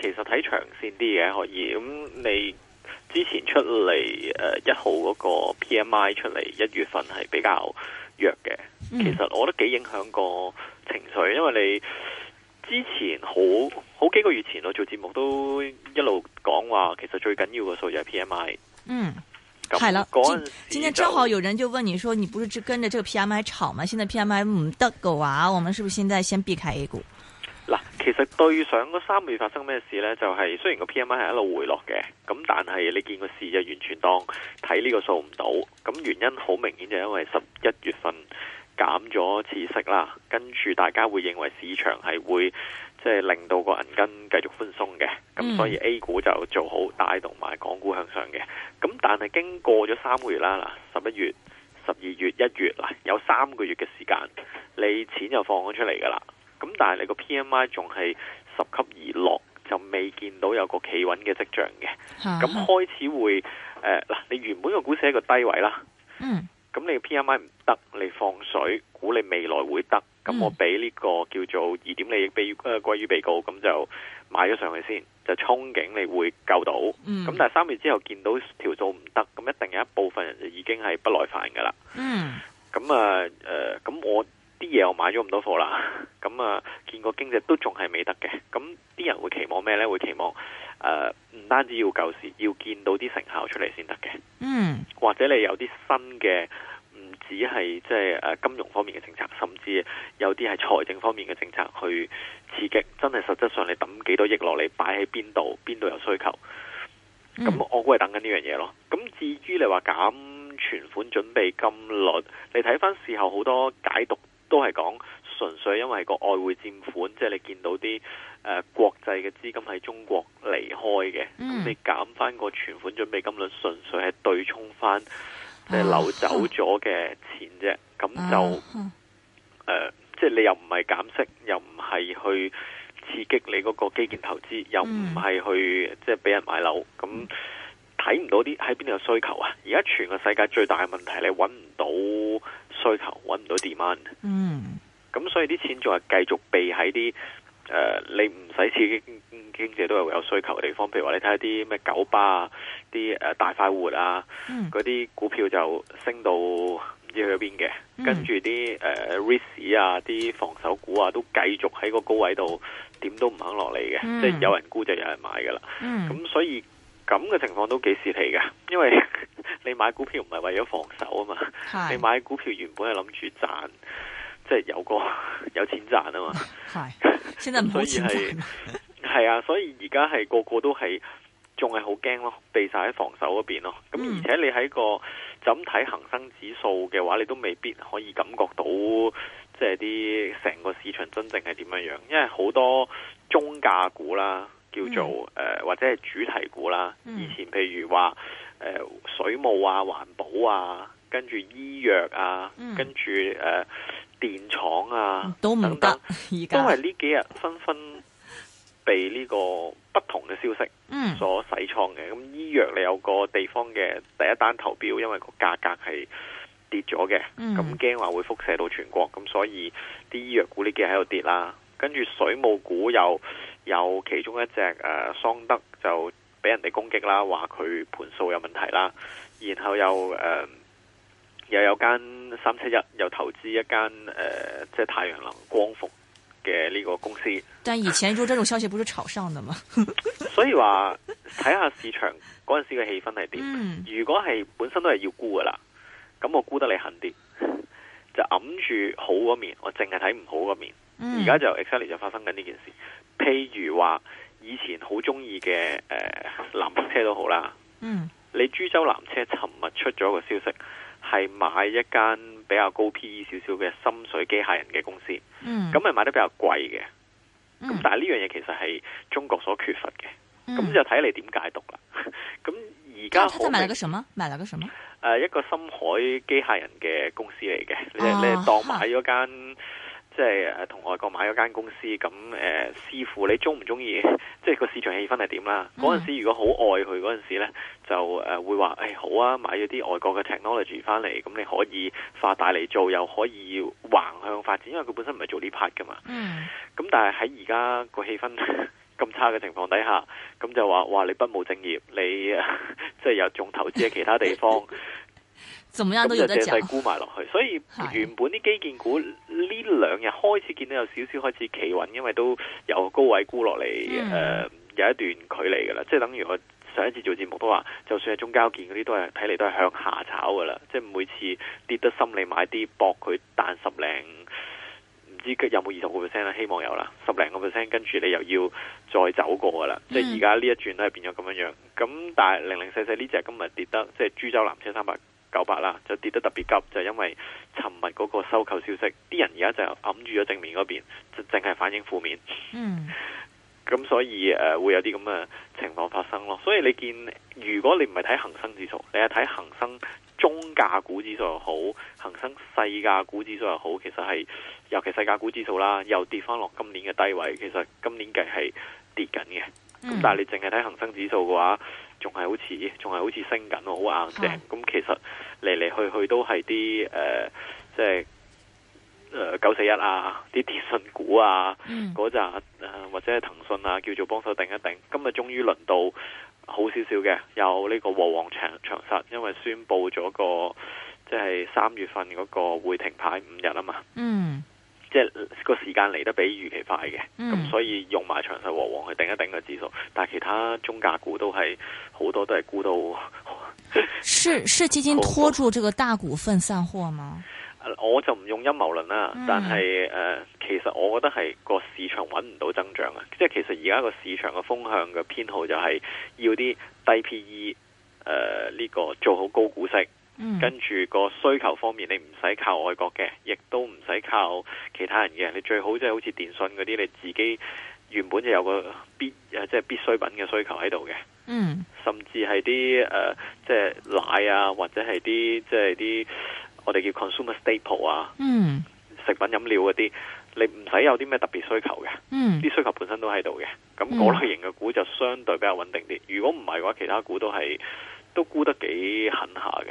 其實睇長線啲嘅可以，咁你之前出嚟誒一號嗰個 P M I 出嚟一月份係比較弱嘅，嗯，其實我都幾影響個情緒，因為你之前好好幾個月前我做節目都一路講話，其實最緊要嘅數就係 P M I。嗯，係啦。今今天正好有人就問你說，你不是只跟着這個 P M I 炒嗎？現在 P M I 唔得嘅話，我們是不是現在先避開 A 股？其實對上嗰三個月發生咩事呢？就係雖然個 P M I 係一路回落嘅，咁但係你見個市就完全當睇呢個數唔到，咁原因好明顯就因為十一月份減咗次息啦，跟住大家會認為市場係會即係令到個銀根繼續寬鬆嘅，咁所以 A 股就做好帶動埋港股向上嘅，咁但係經過咗三個月啦嗱，十一月、十二月、一月啦，有三個月嘅時間，你錢就放咗出嚟噶啦。咁但係你個 PMI 仲係十級而落，就未見到有個企穩嘅跡象嘅。咁、啊、開始會誒，嗱、呃，你原本個股市係一個低位啦。嗯。咁你 PMI 唔得，你放水，估你未來會得。咁我俾呢個叫做疑點利益被誒歸於、呃、被告，咁就買咗上去先，就憧憬你會救到。咁、嗯、但係三月之後見到條數唔得，咁一定有一部分人就已經係不耐煩噶啦。嗯。咁啊誒，咁、呃呃、我。啲嘢我買咗咁多貨啦，咁啊，見個經濟都仲係未得嘅，咁啲人會期望咩呢？會期望誒，唔、呃、單止要救市，要見到啲成效出嚟先得嘅。嗯，或者你有啲新嘅，唔止係即係金融方面嘅政策，甚至有啲係財政方面嘅政策去刺激，真係實質上你抌幾多億落嚟擺喺邊度，邊度有需求。咁、嗯、我估係等緊呢樣嘢咯。咁至於你話減存款準備金率，你睇翻事後好多解讀。都係講純粹因為係個外匯佔款，即、就、係、是、你見到啲誒、呃、國際嘅資金喺中國離開嘅，咁、嗯、你減翻個存款準備金率，純粹係對沖翻即係流走咗嘅錢啫。咁、啊、就即係、啊呃就是、你又唔係減息，又唔係去刺激你嗰個基建投資，又唔係去即係俾人買樓，咁睇唔到啲喺邊度有需求啊！而家全個世界最大嘅問題，你揾唔到。需求揾唔到 demand，嗯，咁所以啲錢仲係繼續避喺啲誒，你唔使刺激經濟都係有需求嘅地方，譬如話你睇下啲咩九巴啊，啲誒大快活啊，嗰、嗯、啲股票就升到唔知去咗邊嘅，跟住啲誒 risk 啊，啲防守股啊都繼續喺個高位度，點都唔肯落嚟嘅，即、嗯、係、就是、有人沽就有人買噶啦，咁、嗯、所以。咁嘅情況都幾洩氣噶，因為你買股票唔係為咗防守啊嘛，你買股票原本係諗住賺，即係有個有錢賺啊嘛。係，所以係係啊，所以而家係個個都係仲係好驚咯，避晒喺防守嗰邊咯。咁而且你喺個就睇恒生指數嘅話，你都未必可以感覺到即係啲成個市場真正係點樣樣，因為好多中價股啦。叫做誒、嗯呃、或者係主題股啦、嗯，以前譬如話誒、呃、水務啊、環保啊，跟住醫藥啊，嗯、跟住誒、呃、電廠啊，都唔得、等等。而家都係呢幾日紛紛被呢個不同嘅消息所洗倉嘅。咁、嗯、醫藥你有個地方嘅第一單投標，因為個價格係跌咗嘅，咁驚話會輻射到全國，咁所以啲醫藥股呢幾日喺度跌啦。跟住水務股又有其中一隻誒、呃，桑德就俾人哋攻擊啦，話佢盤數有問題啦。然後又誒、呃，又有間三七一371，又投資一間誒、呃，即係太陽能光伏嘅呢個公司。但係以前做這種消息，不是炒上的嗎？ 所以話睇下市場嗰陣時嘅氣氛係點、嗯。如果係本身都係要沽噶啦，咁我沽得你狠啲，就揞住好嗰面，我淨係睇唔好嗰面。而、嗯、家就 exactly 就發生緊呢件事，譬如話以前好中意嘅誒，南北車都好啦。嗯，你株洲南車尋日出咗個消息，係買一間比較高 PE 少少嘅深水機械人嘅公司。嗯，咁係買得比較貴嘅。嗯，咁但係呢樣嘢其實係中國所缺乏嘅。咁、嗯、就睇你點解讀啦。咁而家，佢在,在買了個什麼？買咗個什麼？誒、呃，一個深海機械人嘅公司嚟嘅。哦，你係當買咗間。即係誒，同外國買咗間公司，咁誒、呃、師傅你中唔中意，即係個市場氣氛係點啦。嗰、嗯、陣時如果好愛佢嗰陣時咧，就誒會話誒、哎、好啊，買咗啲外國嘅 technology 翻嚟，咁你可以發大嚟做，又可以橫向發展，因為佢本身唔係做呢 part 噶嘛。嗯。咁但係喺而家個氣氛咁差嘅情況底下，咁就話話你不務正業，你呵呵即係又仲投資喺其他地方。 怎麼樣都有得估埋落去，所以原本啲基建股呢兩日開始見到有少少開始企穩，因為都有高位沽落嚟，誒、嗯呃、有一段距離噶啦，即係等於我上一次做節目都話，就算係中交建嗰啲都係睇嚟都係向下炒噶啦，即係每次跌得心理買啲搏佢彈十零唔知有冇二十個 percent 啦，希望有啦，十零個 percent，跟住你又要再走過噶啦、嗯，即係而家呢一轉都係變咗咁樣樣，咁但係零零四四呢隻今日跌得即係株洲南車三百。九八啦，就跌得特別急，就因為尋日嗰個收購消息，啲人而家就揞住咗正面嗰邊，淨係反映負面。嗯，咁所以誒、呃、會有啲咁嘅情況發生咯。所以你見，如果你唔係睇恒生指數，你係睇恒生中價股指數又好，恒生細價股指數又好，其實係尤其細價股指數啦，又跌翻落今年嘅低位，其實今年計係跌緊嘅。咁、mm. 但係你淨係睇恒生指數嘅話。仲係好似，仲係好似升緊，好硬淨。咁、嗯、其實嚟嚟去去都係啲誒，即係誒九四一啊，啲電訊股啊，嗰、嗯、陣或者係騰訊啊，叫做幫手頂一頂。今日終於輪到好少少嘅，有呢個和黃長長實，因為宣布咗個即係三月份嗰個會停牌五日啊嘛。嗯。即係個時間嚟得比預期快嘅，咁、嗯、所以用埋長實和黃去頂一頂個指數，但係其他中價股都係好多都係沽到。是是基金拖住這個大股份散貨嗎？我就唔用陰謀論啦，但係誒、呃，其實我覺得係個市場揾唔到增長啊，即係其實而家個市場嘅風向嘅偏好就係要啲低 P E，誒、呃、呢、這個做好高股息。跟住個需求方面，你唔使靠外國嘅，亦都唔使靠其他人嘅。你最好即係好似電信嗰啲，你自己原本就有個必即係、就是、必需品嘅需求喺度嘅。嗯，甚至係啲即係奶啊，或者係啲即係啲我哋叫 consumer staple 啊，嗯，食品飲料嗰啲，你唔使有啲咩特別需求嘅。啲、嗯、需求本身都喺度嘅。咁、那、我、個、類型嘅股就相對比較穩定啲。如果唔係嘅話，其他股都係都沽得幾狠下嘅。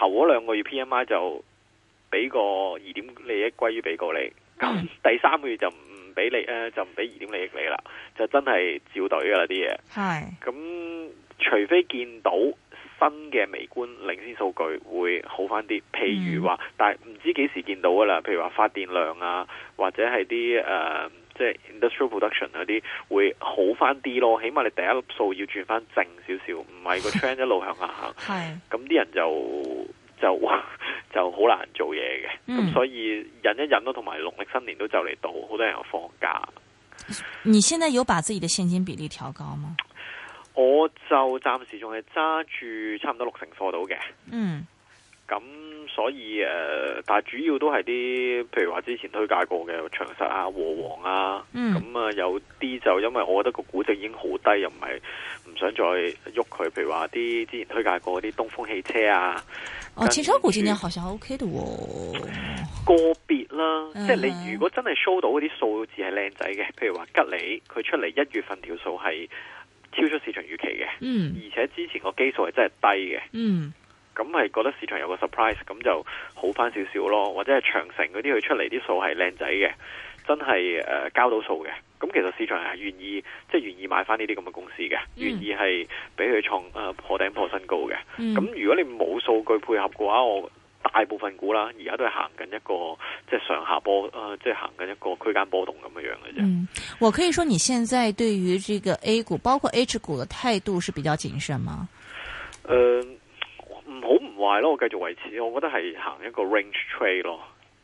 頭嗰兩個月 P.M.I 就俾個二點利益歸於被告你，咁 第三個月就唔俾你就唔俾二點利益你啦，就真係照對噶啦啲嘢。咁，除非見到新嘅微觀領先數據會好翻啲，譬如話、嗯，但係唔知幾時見到噶啦，譬如話發電量啊，或者係啲誒即係 industrial production 嗰啲會好翻啲咯，起碼你第一粒數要轉翻正少少，唔係個 trend 一路向下行。係咁啲人就就就好難做嘢嘅。咁、嗯、所以忍一忍咯，同埋農曆新年都就嚟到，好多人又放假。你現在有把自己嘅現金比例調高嗎？我就暫時仲係揸住差唔多六成貨到嘅。嗯。咁所以誒，但係主要都係啲，譬如話之前推介過嘅長實啊、和黃啊，咁、嗯、啊有啲就因為我覺得個估值已經好低，又唔係唔想再喐佢。譬如話啲之前推介過啲東風汽車啊，哦，汽車股今年好像 OK 到，哦，個別啦，嗯、即係你如果真係 show 到嗰啲數字係靚仔嘅，譬如話吉利，佢出嚟一月份條數係超出市場預期嘅，嗯，而且之前個基數係真係低嘅，嗯。咁係覺得市場有個 surprise，咁就好翻少少咯，或者係長城嗰啲佢出嚟啲數係靚仔嘅，真係誒交到數嘅。咁其實市場係願意，即係願意買翻呢啲咁嘅公司嘅，願意係俾佢創誒，破頂破新高嘅。咁如果你冇數據配合嘅話，我大部分股啦，而家都係行緊一個即係，上下波，誒即係行緊一個區間波動咁嘅樣嘅啫。我可以說，你現在對於這個 A 股包括 H 股嘅態度是比較謹慎嗎？嗯話咯，我繼續維持，我覺得係行一個 range trade 咯，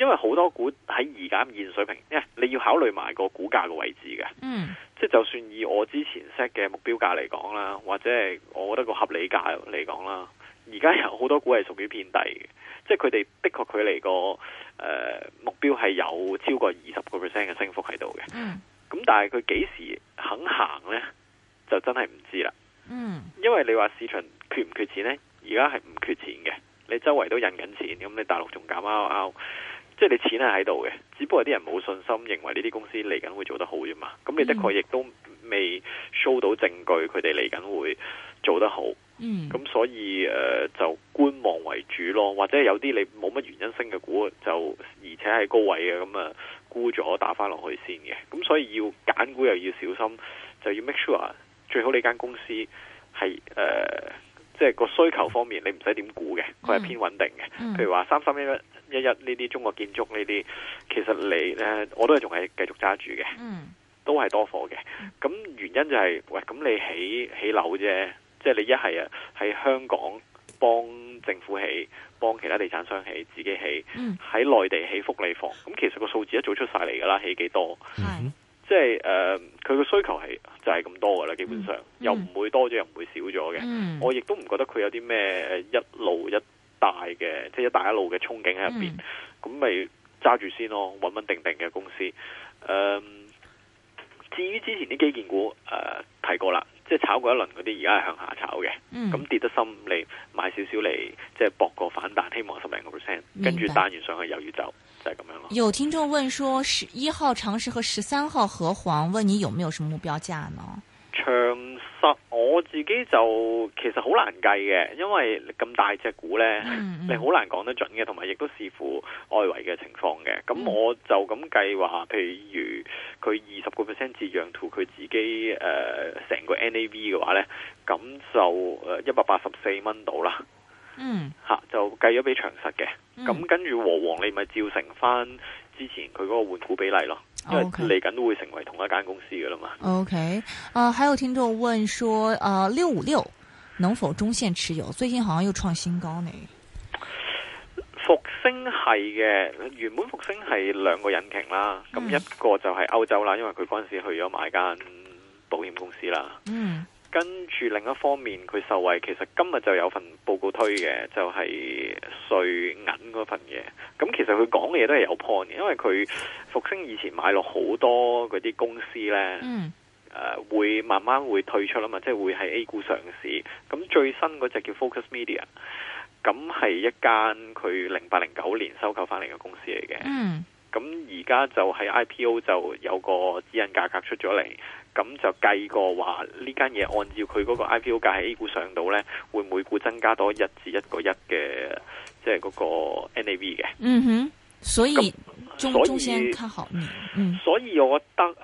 因為好多股喺而家現水平，因為你要考慮埋個股價嘅位置嘅，嗯，即係就算以我之前 set 嘅目標價嚟講啦，或者係我覺得個合理價嚟講啦，而家有好多股係屬於偏低嘅，即係佢哋的確距離個誒目標係有超過二十個 percent 嘅升幅喺度嘅，嗯，咁但係佢幾時肯行咧，就真係唔知啦，嗯，因為你話市場缺唔缺錢咧？而家係唔缺錢嘅，你周圍都印緊錢，咁你大陸仲搞拗拗，即係你錢係喺度嘅，只不過啲人冇信心，認為呢啲公司嚟緊會做得好啫嘛。咁你的確亦都未 show 到證據，佢哋嚟緊會做得好。咁、嗯、所以誒、呃、就觀望為主咯，或者有啲你冇乜原因升嘅股，就而且係高位嘅，咁啊沽咗打翻落去先嘅。咁所以要揀股又要小心，就要 make sure 最好你間公司係誒。呃即、就、係、是、個需求方面你，你唔使點估嘅，佢係偏穩定嘅。譬如話三三一一一一呢啲中國建築呢啲，其實你咧我都係仲係繼續揸住嘅，都係多貨嘅。咁原因就係、是、喂，咁你起起樓啫，即係、就是、你一係啊，喺香港幫政府起，幫其他地產商起，自己起，喺、嗯、內地起福利房。咁其實個數字一早出晒嚟噶啦，起幾多？即係誒，佢、呃、嘅需求係就係、是、咁多噶啦，基本上又唔會多咗，又唔會少咗嘅、嗯。我亦都唔覺得佢有啲咩一路一大嘅，即、就、係、是、一帶一路嘅憧憬喺入邊。咁咪揸住先咯，穩穩定定嘅公司。誒、呃，至於之前啲基建股誒、呃，提過啦。即係炒過一輪嗰啲，而家係向下炒嘅，咁、嗯、跌得深嚟，你買少少嚟，即係博個反彈，希望十零個 percent，跟住彈完上去又要走，就係、是、咁樣咯。有聽眾問說，十一號長實和十三號和黃，問你有沒有什麼目標價呢？長實我自己就其實好難計嘅，因為咁大隻股呢，mm-hmm. 你好難講得準嘅，同埋亦都視乎外圍嘅情況嘅。咁我就咁計話，譬如佢二十個 percent 自養圖，佢自己誒成、呃、個 NAV 嘅話呢，咁就誒一百八十四蚊到啦。嗯、mm-hmm. 啊，吓就計咗俾長實嘅，咁跟住和黃你咪照成翻之前佢嗰個換股比例咯。okay。因為嚟緊都會成為同一間公司噶啦嘛。OK，啊，還有聽眾問說，啊、呃，六五六能否中線持有？最近好像又創新高呢。復星系嘅，原本復星係兩個引擎啦，咁、嗯、一個就係歐洲啦，因為佢嗰陣時去咗買間保險公司啦。嗯。跟住另一方面，佢受惠。其實今日就有份報告推嘅，就係、是、瑞銀嗰份嘢。咁其實佢講嘅嘢都係有 point，因為佢復星以前買落好多嗰啲公司咧，誒、嗯呃，會慢慢會退出啦嘛，即係會喺 A 股上市。咁最新嗰隻叫 Focus Media，咁係一間佢零八零九年收購翻嚟嘅公司嚟嘅。嗯，咁而家就喺 IPO 就有個指引價格出咗嚟。咁就計過話呢間嘢按照佢嗰個 IPO 價喺 A 股上到呢，會每股增加多一至一個一嘅，即係嗰個 NAV 嘅。嗯哼，所以中中先看好你、嗯、所以我覺得佢、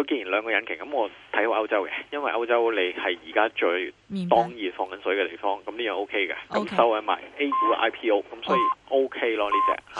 呃、既然兩個引擎，咁我睇好歐洲嘅，因為歐洲你係而家最當熱放緊水嘅地方，咁呢樣 O K 嘅，收喺埋 A 股嘅 IPO，咁所以 O K 咯呢隻。Oh.